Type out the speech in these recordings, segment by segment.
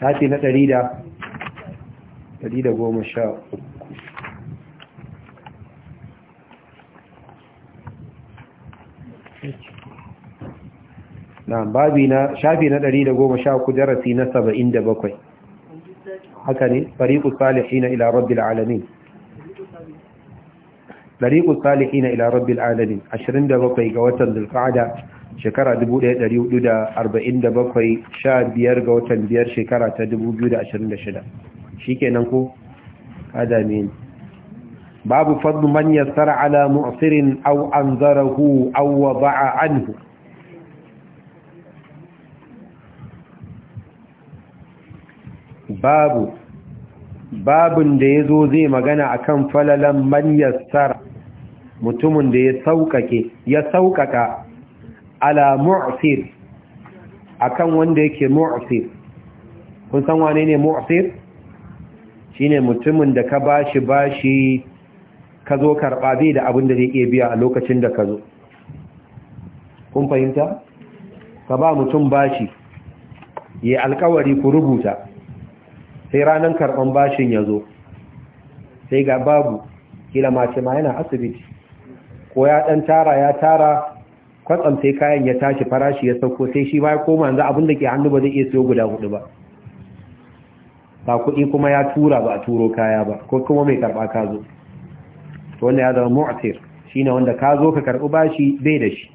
shafi na 113 na babi na shafi na 113 darasi na 77 haka ne fariqus salihin ila rabbil alamin fariqus salihin ila rabbil alamin 27 ga watan zulqa'ada shekara 1447 sha biyar ga watan biyar shekara ta 2026 shi kenan ko adami babu fadlu man yassara ala au aw anzarahu aw an hu babu babun da ya zo zai magana a kan falalan man tsara. mutumin da ya sauƙaƙe ya sauƙaƙa. ala mu'sir akan wanda yake mu'sir kun san wane ne Shi shine mutumin da ka bashi bashi ka zo karba bai da abin da zai iya biya a lokacin da ka zo kun fahimta ka ba mutum bashi yi alkawari ku rubuta sai ranar karban bashin ya zo sai ga babu kila mace ma yana asibiti ko ya dan tara ya tara kwatsam sai kayan ya tashi farashi ya sauko sai shi ba ya koma yanzu abin da ke hannu ba zai iya siyo guda hudu ba ba kuɗi kuma ya tura ba a turo kaya ba ko kuma mai karɓa ka zo to wanda ya zama mu'tir shine wanda ka zo ka karɓi bashi bai da shi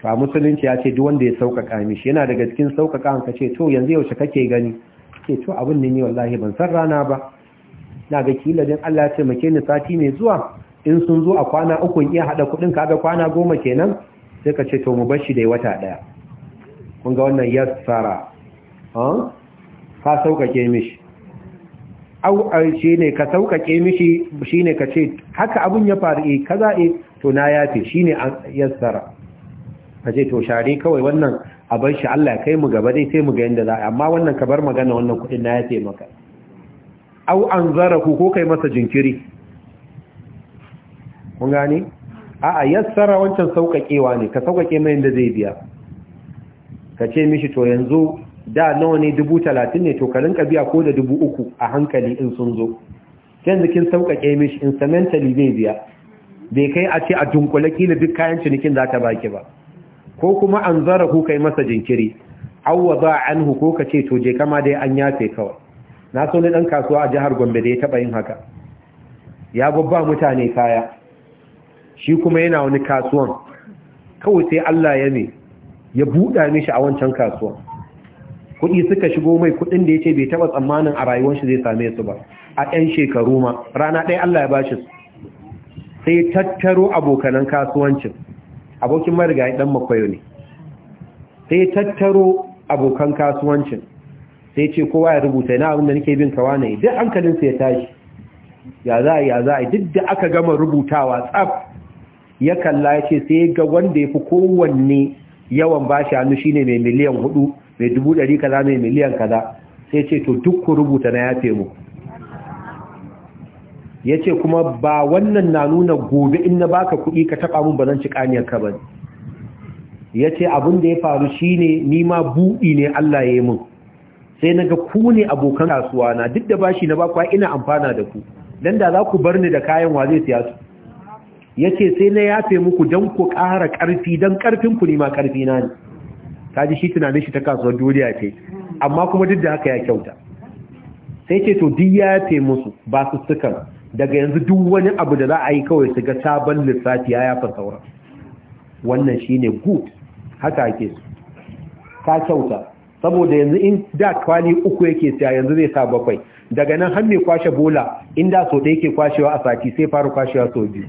to a musulunci ya ce duk wanda ya sauƙaƙa mishi yana daga cikin sauƙaƙa ka ce to yanzu yaushe kake gani ce to abin ne ni wallahi ban san rana ba na ga kila din Allah ya ce ke ni sati mai zuwa in sun zo a kwana uku in iya hada kuɗin kaga kwana goma kenan sai ka ce to mu bashi dai wata daya kun ga wannan yassara ka sauƙaƙe mishi au shi ne ka sauƙaƙe mishi shi ne ka ce haka abin ya faru e kaza e to na yafe shi ne yassara ka ce to share kawai wannan a bar shi Allah ya kai mu gaba dai sai mu ga yadda za a amma wannan ka bar magana wannan kuɗin na yafe maka au an zara ku ko kai masa jinkiri kun gane a'a yassara wancan saukakewa ne ka sauƙaƙe mai da zai biya ka ce mishi to yanzu da nawa ne dubu talatin ne to ka biya ko da dubu uku a hankali in sun zo yanzu kin sauƙaƙe mishi instrumentally zai biya bai kai a ce a dunkula kila duk kayan cinikin za ta baki ba ko kuma an zara ku kai masa jinkiri awwa ba hu ko ka ce to je kama dai an yafe kawai na so ni dan kasuwa a jihar Gombe da ya taɓa yin haka ya babba mutane kaya shi kuma yana wani kasuwan kawai sai Allah ya ne ya buɗa mishi a wancan kasuwan kuɗi suka shigo mai kuɗin da ya ce bai taɓa tsammanin a rayuwar shi zai same su ba a 'yan shekaru ma rana ɗaya Allah ya bashi su sai tattaro abokanan kasuwancin abokin marigayi ɗan makwayo ne sai tattaro abokan kasuwancin sai ce kowa ya rubuta yana abin da nake bin kawa ne duk hankalinsa ya tashi ya za a ya za a duk da aka gama rubutawa tsaf ya kalla ya ce sai ga wanda ya fi kowanne yawan bashi hannu shine mai miliyan hudu mai dubu dari kaza mai miliyan kaza sai ce to duk ku rubuta na yafe mu ya ce kuma ba wannan na nuna gobe in na baka kuɗi ka taɓa mun ba zan ci ƙaniyar ka ba ya ce abin da ya faru shine ni ma buɗi ne Allah ya yi mun sai na ga ku ne abokan kasuwa na duk da bashi na bakwa ina amfana da ku dan da za ku bar ni da kayan wa zai siya su Ya ce sai na yafe muku don ku ƙara ƙarfi don ƙarfin ku ne ma ƙarfi na ne Ta ji shi tunanin shi ta kasuwar duniya ce amma kuma duk da haka ya kyauta sai ce to duk ya yafe musu ba su sukan daga yanzu duk wani abu da za a yi kawai su ga sabon lissafi ya yafa sauran wannan shi ne good haka ake su ka kyauta saboda yanzu in da kwali uku yake siya yanzu zai sa bakwai daga nan har mai kwashe bola inda da so ɗaya ke kwashewa a sati sai fara kwashewa sau biyu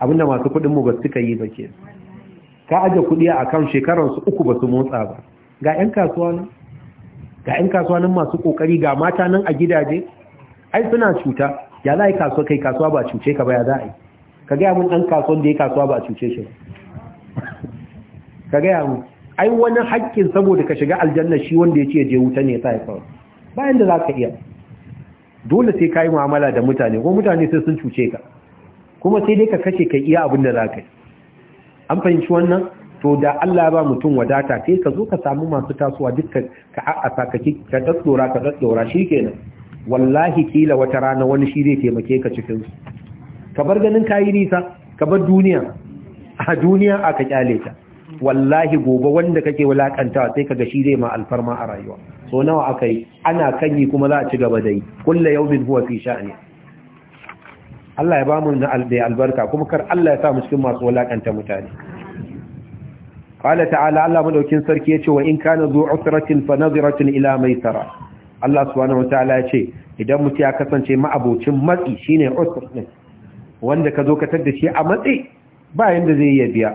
abinda masu kudin mu ba suka yi ba ke ka aje kudi a kan su uku ba su motsa ba ga 'yan kasuwa nan ga 'yan kasuwa nan masu kokari ga mata nan a gidaje ai suna cuta ya za a yi kasuwa kai kasuwa ba cuce ka ba ya za a yi ka gaya mun ɗan kasuwa da ya kasuwa ba cuce shi ba ka gaya mun ai wani haƙƙin saboda ka shiga aljanna shi wanda ya ce je wuta ne sa ya kawo bayan da za ka iya dole sai ka yi mu'amala da mutane ko mutane sai sun cuce ka kuma sai dai ka kashe kai iya abin da za ka yi an fahimci wannan to da Allah ba mutum wadata sai ka zo ka samu masu tasowa dukkan ka a'asa ka ka daddora ka daddora shikenan wallahi kila wata rana wani shi zai taimake ka cikin su ka bar ganin kayi nisa ka bar duniya a duniya aka kyale ta wallahi gobe wanda kake wulakantawa sai ka shi zai ma alfarma a rayuwa so nawa akai ana kanyi kuma za a ci gaba da yi kullu yawmin huwa fi sha'ni Allah ya ba mu na albarka kuma kar Allah ya sa mu cikin masu walakanta mutane qala ta'ala Allah madaukin sarki yace wa in kana zu usratin fa nadhiratun ila maisara Allah subhanahu ya yace idan mutum ya kasance ma'abocin matsi shine usr din wanda ka zo ka tada shi a matsi ba yanda zai iya biya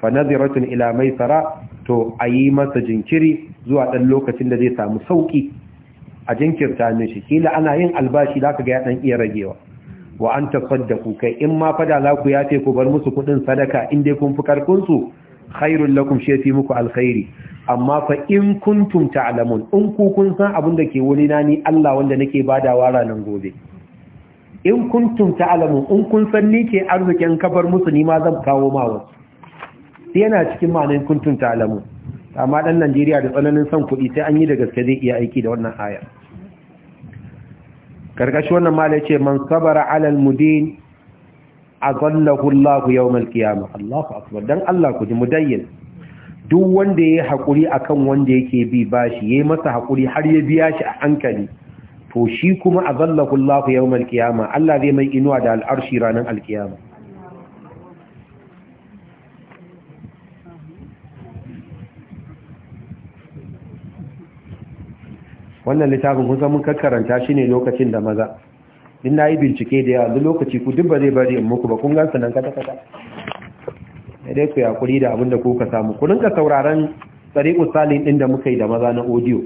fa nadhiratun ila maisara to ayi masa jinkiri zuwa dan lokacin da zai samu sauki a jinkirta mishi kila ana yin albashi zaka ga ya dan iya ragewa wa an tasaddaqu kai in ma fada za ku yafe ku bar musu kudin sadaka in dai kun fi karkun su khairul lakum shi fi muku alkhairi amma fa in kuntum ta'lamun in ku kun san abin da ke wuri na ni Allah wanda nake badawa ranan gobe in kuntum ta'lamun in kun san ni ke arzikin kafar musu ni ma zan kawo ma wasu sai yana cikin ma'anar kuntum ta'lamun amma dan Najeriya da tsananin son kuɗi sai an yi da gaske zai iya aiki da wannan ayar karkashi wannan mala ce man sabara alal mudin azallahu Allah yawmal qiyamah Allahu akbar dan Allah ku ji mudayyin duk wanda yayi haƙuri akan wanda yake bi bashi yayi masa hakuri har ya biya shi a hankali to shi kuma azallahu Allah yawmal qiyamah Allah zai mai inuwa da al'arshi ranar alkiyama wannan littafin kun san mun kakkaranta shi ne lokacin da maza in na yi bincike da yawa duk lokaci ku duk ba zai bari in muku ba kun gansu nan kata kata dai ku kuri da abin da ku ka samu ku rinka sauraron tsari salin ɗin da muka yi da maza na audio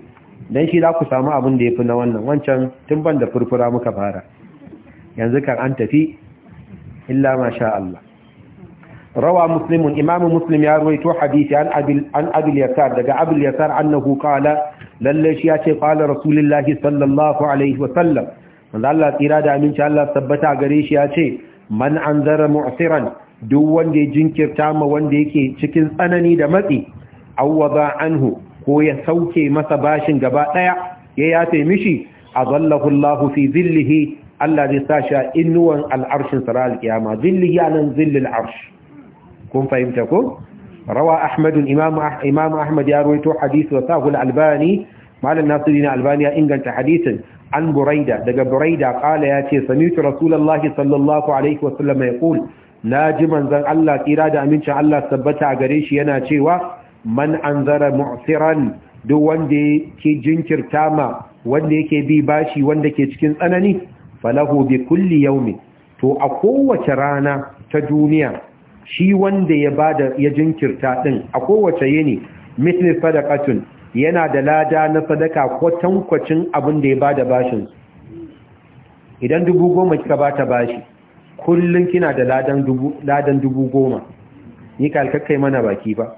don shi za ku samu abin da ya fi na wannan wancan tun ban da furfura muka fara yanzu kan an tafi illa ma sha Allah rawa muslimun imamu muslim ya ruwaito hadisi an abil yasar daga abil yasar annahu qala lalle shi ya ce qala rasulullahi sallallahu alaihi wa sallam manzo Allah tsira da aminci Allah tabbata gare shi ya ce man anzara mu'siran duk wanda ya jinkirta ma wanda yake cikin tsanani da matsi awwaba anhu ko ya sauke masa bashin gaba daya ya yafe mishi azallahu Allah fi zillihi Allah zai sa shi a inuwan al'arshin sarar alkiyama zillihi anan zillil arsh kun fahimta ko rawa ahmad imam ahmad ya rawaito hadisi wa sahul albani malam nasirin albani ya inganta hadisin an buraida daga buraida kala ya ce samitu rasulullahi sallallahu alaihi wa sallam ya qul naji manzon Allah tsira da amincin Allah tabbata a gare shi yana cewa man anzara mu'siran duk wanda yake jinkirta ma wanda yake bi bashi wanda ke cikin tsanani falahu bi kulli yawmi to a kowace rana ta duniya shi wanda ya bada ya jinkirta ɗin, a kowace yini misli sadaqatun yana da lada na sadaka ko tankwacin abin da ya bada bashin idan dubu goma kika bata bashi kullum kina da ladan dubu ladan goma ni kalkakkai mana baki ba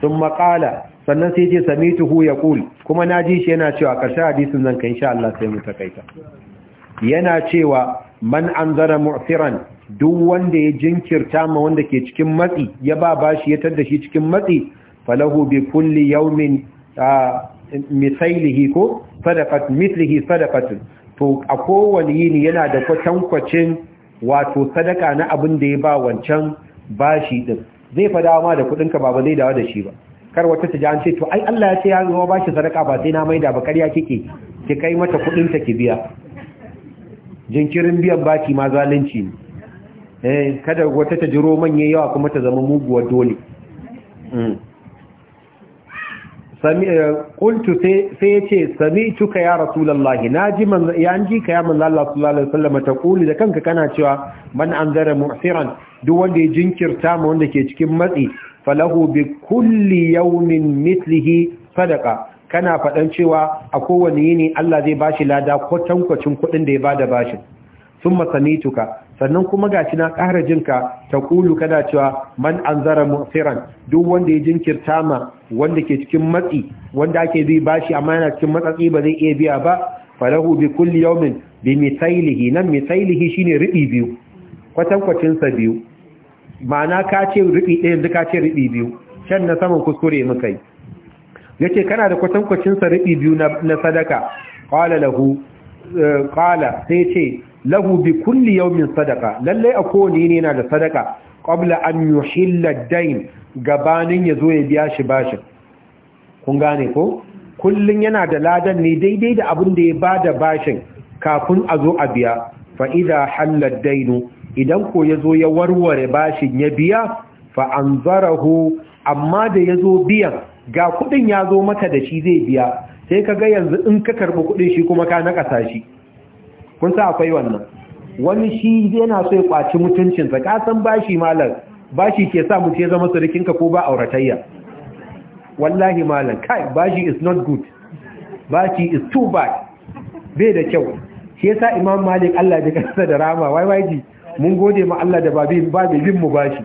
sun maƙala sannan sai ce sami tuhu ya ƙul kuma na ji shi yana cewa ƙarshen hadisun zan ka insha Allah sai mu takaita yana cewa man anzara mu'siran duk wanda ya jinkirta ma wanda ke cikin matsi ya ba bashi ya tada shi cikin matsi falahu bi kulli yawmin misalihi ko sadaqat mithlihi sadaqatun to a kowani yini yana da kwacin wato sadaka na abin da ya ba wancan bashi din zai fada ma da kudin ka ba zai dawo da shi ba kar wata ta ji an ce to ai Allah ya ce ya zo bashi sadaka ba sai na maida ba kariya kike ki kai mata kudin ta ki biya jinkirin biyan baki ma zalunci ne eh kada wata ta jiro manye yawa kuma ta zama muguwa dole mm. eh, qultu sai yace sami'tuka ya rasulullahi naji man ya ka ya manzo Allah sallallahu alaihi wasallam ta kuli da kanka kana cewa man anzara mu'siran duk wanda ya jinkirta ma wanda ke cikin matsi falahu bi kulli yawmin mithlihi sadaqa kana faɗan cewa a kowane yini Allah zai bashi lada kwatankwacin kuɗin da ya ba da bashin sun masanituka sannan kuma gashi na ƙara jinka ta kulu kana cewa man an zara musiran duk wanda ya jinkirta ma wanda ke cikin matsi wanda ake zai bashi amma yana cikin matsatsi ba zai iya biya ba falahu bi kulli yawmin bi mithailihi nan mithailihi shine ribi biyu kwatankwacin sa biyu ma'ana ka ce ribi ɗaya yanzu ka ce ribi biyu can na saman kuskure muka yi Ya ce kana da kwatankwacin sa biyu na sadaka qala lahu eh, qala sai ce lahu bi kulli yawmin sadaka Lallai a kowane ne na da sadaka qabla an yuhilla dain gabanin ya zo ya biya shi bashin kun gane ko kullun yana da ladan ne daidai da abin da ya da bashin kafin a zo a biya fa idha halla idan ko ya zo ya warware bashin ya biya fa anzarahu amma da ya zo biyan ga kuɗin ya zo maka da shi zai biya sai ka ga yanzu in ka karbi kudin shi kuma ka naka sashi kun sa akwai wannan wani shi yana so ya kwaci mutuncinsa ka san bashi malam bashi ke sa mutum ya zama surukinka ko ba auratayya wallahi malam kai bashi is not good bashi is too bad bai da kyau shi yasa imam malik Allah ya kasa da rama wai wai ji mun gode ma Allah da babin babin mu bashi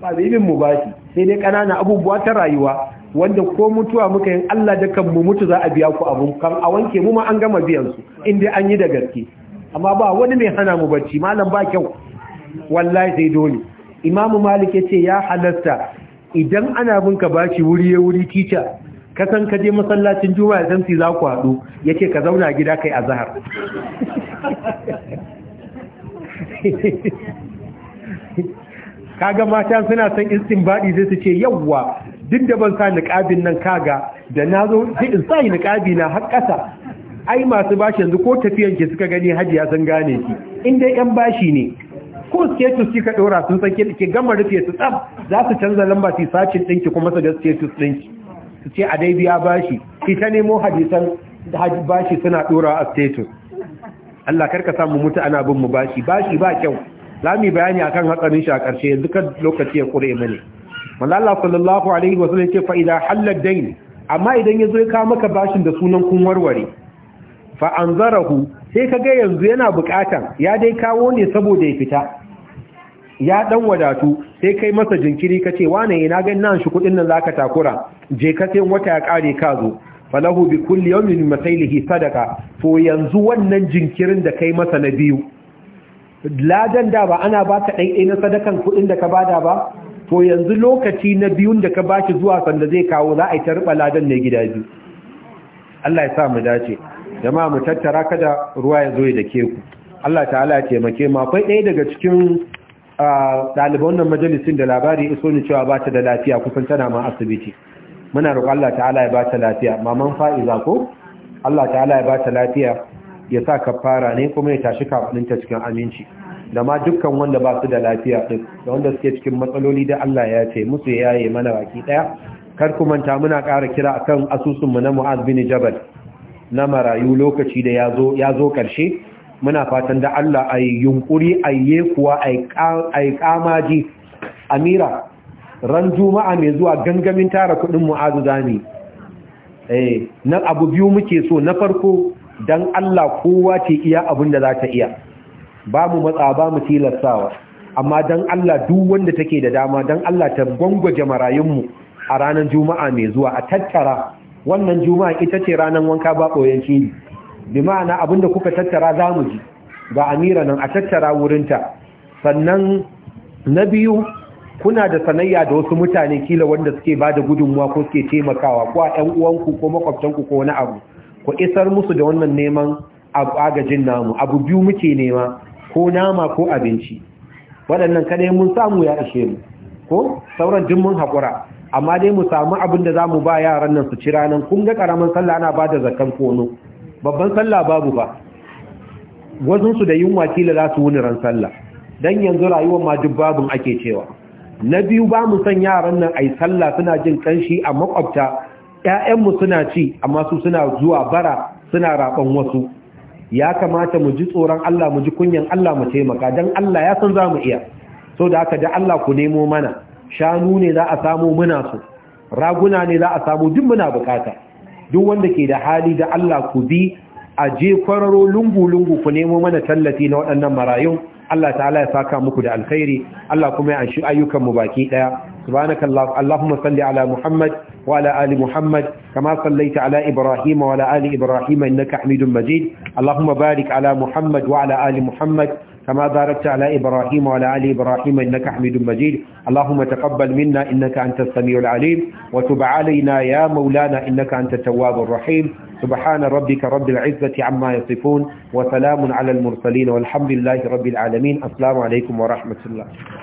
babin mu bashi sai dai kanana abubuwa ta rayuwa wanda ko mutuwa muka yin Allah da kan mu mutu za a biya ku abun kan a wanke mu ma an gama biyan su inda an yi da gaske amma ba wani mai hana mu bacci malam ba kyau wallahi sai dole imamu malik ya ce ya halasta, idan ana bin ka bashi wuri ya wuri tica ka san ka je masallacin juma'a san sai za ku haɗu yace ka zauna gida kai azhar kaga mata suna son istinbadi sai su ce yawwa duk da ban sa niƙabin nan kaga da na zo sai in sa niƙabi na har ƙasa ai masu bashi yanzu ko tafiyan ki suka gani ya san gane ki in dai ƴan bashi ne ko status ka ɗora sun san ki gama rufe su tsaf za su canza lamba su sacin ɗinki kuma su ga status ɗinki su ce a dai biya bashi ki ta nemo hadisan bashi suna ɗora a status Allah kar ka samu mutu ana bin mu bashi bashi ba kyau za mu bayani akan hatsarin shi a ƙarshe yanzu kan lokaci ya ƙure mani Malala sallallahu alaihi wa sallam yake fa idza halad amma idan ya zo ya kawo maka bashin da sunan kun warware fa anzarahu sai ga yanzu yana bukatan ya dai kawo ne saboda ya fita ya dan wadatu sai kai masa jinkiri kace wane ina ga nan shi kudin nan zaka takura je ka sai wata ya kare ka zo falahu bi kulli yawmin masailihi sadaqa to yanzu wannan jinkirin da kai masa na biyu ladan da ba ana baka ɗaiɗai na sadakan kuɗin da ka bada ba to yanzu lokaci na biyun da ka bashi zuwa sanda zai kawo za a yi ta ladan ne gida biyu Allah ya sa mu dace jama'a mu tattara kada ruwa ya zo ya dake ku Allah ta'ala ya taimake mu akwai ɗaya daga cikin ɗaliban wannan majalisin da labari iso ni cewa ba ta da lafiya kusan tana ma asibiti muna roƙon Allah ta'ala ya ba ta lafiya maman fa'iza ko Allah ta'ala ya ba ta lafiya ya sa fara ne kuma ya tashi ta cikin aminci da ma dukkan wanda ba su da lafiya din da wanda suke cikin matsaloli da Allah ya ce musu ya yi mana baki ɗaya. kar ku manta muna ƙara kira akan asusun mu na Mu'az bin Jabal na marayu lokaci da ya zo ƙarshe. muna fatan da Allah a yunƙuri yunkuri yi kuwa a yi ƙamaji. Amira ran juma'a mai zuwa gangamin tara kuɗin Mu'az zami eh, na abu biyu muke so na farko don Allah kowa ce iya abin da za ta iya ba mu matsa ba mu tilastawa amma dan Allah duk wanda take da dama dan Allah ta gwangwaje marayunmu a ranar juma'a mai zuwa a tattara wannan juma'a ita ce ranar wanka ba koyan kini bi ma'ana abinda kuka tattara za mu ji ga amira nan a tattara wurinta sannan na biyu kuna da sanayya da wasu mutane kila wanda suke ba da gudunmuwa ko suke taimakawa ko a ɗan uwanku ko makwabtanku ko wani abu ku isar musu da wannan neman agajin namu abu biyu muke nema ko nama ko abinci waɗannan kadai mun samu ya ishe mu ko sauran duk mun haƙura amma dai mu samu abin da za mu ba yaran nan su ci ranan kun ga ƙaramin sallah ana ba da zakan kono babban sallah babu ba su da yunwa kila za su wuni ran sallah don yanzu rayuwar ma duk babin ake cewa na biyu ba mu san yaran nan ai sallah suna jin ƙanshi a makwabta mu suna ci amma su suna zuwa bara suna raɓan wasu ya kamata mu ji tsoron Allah mu ji kunyan Allah mu taimaka dan Allah ya san za mu iya so da haka da Allah ku nemo mana shanu ne za a samu muna su raguna ne za a samu duk muna bukata duk wanda ke da hali da Allah ku bi a je kwararo lungu-lungu ku nemo mana tallafi na waɗannan marayun Allah ta'ala ya saka muku da alkhairi Allah kuma ya anshi mu baki ɗaya سبحانك اللهم صل على محمد وعلى آل محمد كما صليت على إبراهيم وعلى آل إبراهيم إنك حميد مجيد اللهم بارك على محمد وعلى آل محمد كما باركت على إبراهيم وعلى آل إبراهيم إنك حميد مجيد اللهم تقبل منا إنك أنت السميع العليم وتب علينا يا مولانا إنك أنت التواب الرحيم سبحان ربك رب العزة عما يصفون وسلام على المرسلين والحمد لله رب العالمين السلام عليكم ورحمة الله